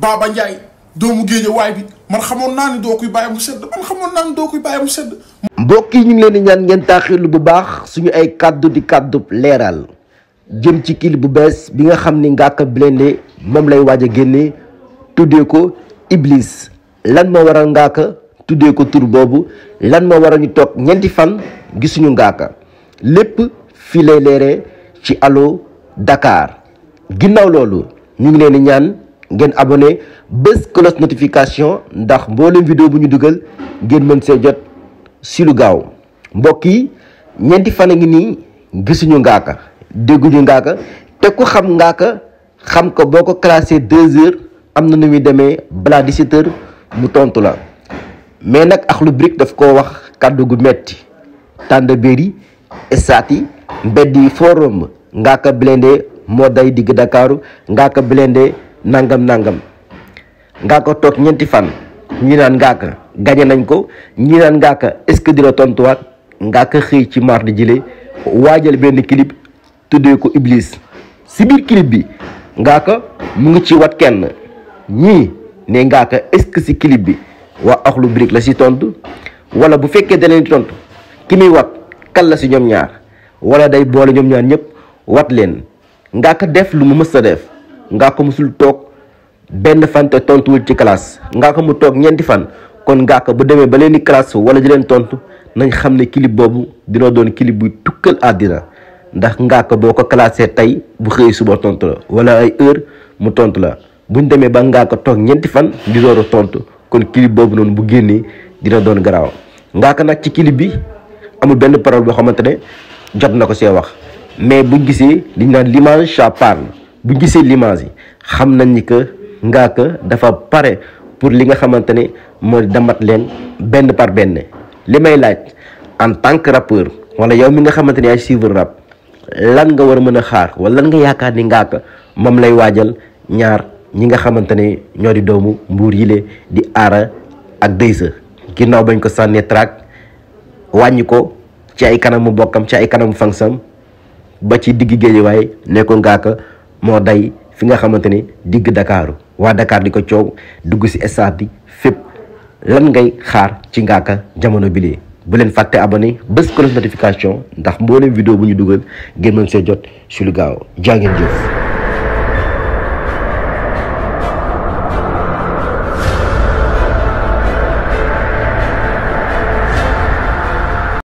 Baba Ndiaye doomu géeja waay bi man xamoon naa ni doo koy bàyyi mu sedd man xamoon naa ni doo koy bàyyi mu sedd. mbokk yi ñu ngi leen di ñaan ngeen taaxirlu bu baax suñu ay kàddu di kàddu leeral jëm ci clip bu bees bi nga xam ni Ngaaka Blindé moom lay waaj a génne tuddee ko Iblis lan moo waral Ngaaka tuddee ko tur boobu lan moo waral ñu toog ñeenti fan gisuñu Ngaaka lépp fii lay leeree ci Allo dakaar ginnaaw loolu ñu ngi leen di ñaan. ngeen abonné bés cloche notification ndax mboolem vidéo bu ñu dugal ngeen mën see jot si lu gaaw mbokk yi ñeenti fan a ngi nii gisuñu ngaaka dégguñu ngaaka te ku xam ngaaka xam ko boo ko classé deux heures am na nu muy demee balaa 17 heures mu tontu la mais nag lu Brick daf koo wax kàddu gu metti tànd béri estaat yi mbedd yi forum ngaaka blindé moo day digg Dakaaru ngaaka blindé nangam nangam Ngaaka toog ñeenti fan ñi naan Ngaaka gañe nañ ko ñi naan Ngaaka est-ce que dina tontuwaat Ngaaka xëy ci mardi jile waajal benn clip tuddee ko Iblis si biir clip bi Ngaaka mu ngi ci wat kenn ñii ne Ngaaka est-ce que si clip bi waa Akhlou Brick la si tontu wala bu fekkee da di tontu ki muy wat kan la si ñoom ñaar wala day boole ñoom ñaar ñëpp wat leen Ngaaka def lu mu mës a def. ngaa ko musul toog benn fan te tontuwul ci classe ngaa ko mu toog ñeenti fan kon ngaa ko bu demee ba leen di classe wala di tontu nañ xam ne clip boobu dina doon kilib buy tukkal àddina ndax ngaa ko boo ko classé tey bu xëyee suba tontu la wala ay heure mu tontu la buñ demee ba ngaa ko toog ñeenti fan di door a tontu kon kilib boobu noonu bu génnee dina doon garaaw ngaa ko nag ci clip bi amul benn parole boo xamante ne jot na ko see wax mais buñ gisee liñ l'image ça buñ gisee l'image yi xam nañ ni que Ngaaka dafa pare pour li nga xamante ne mooy damat leen benn par benn li may laaj en tant que rappeur wala yow mi nga xamante ne ay suivre rap lan nga war a mën a xaar wala lan nga yaakaar ni Ngaaka moom lay waajal ñaar ñi nga xamante ne ñoo di doomu mbuur yile di aara ak daysa ginnaaw bañ ko sànnee track wàññi ko ci ay kanamu bokkam ci ay kanamu fansam ba ci digg géejuwaay ne ko Ngaaka moo day fi nga xamante ne digg Dakaaru waa dakaar di ko coow dugg si stade fépp lan ngay xaar ci Ngaaka jamono bilee bu leen fàtte abonné bés cloche notification ndax mboolem vidéo bu ñu dugal ngeen mën see jot su lu gaaw jaa ngeen jëf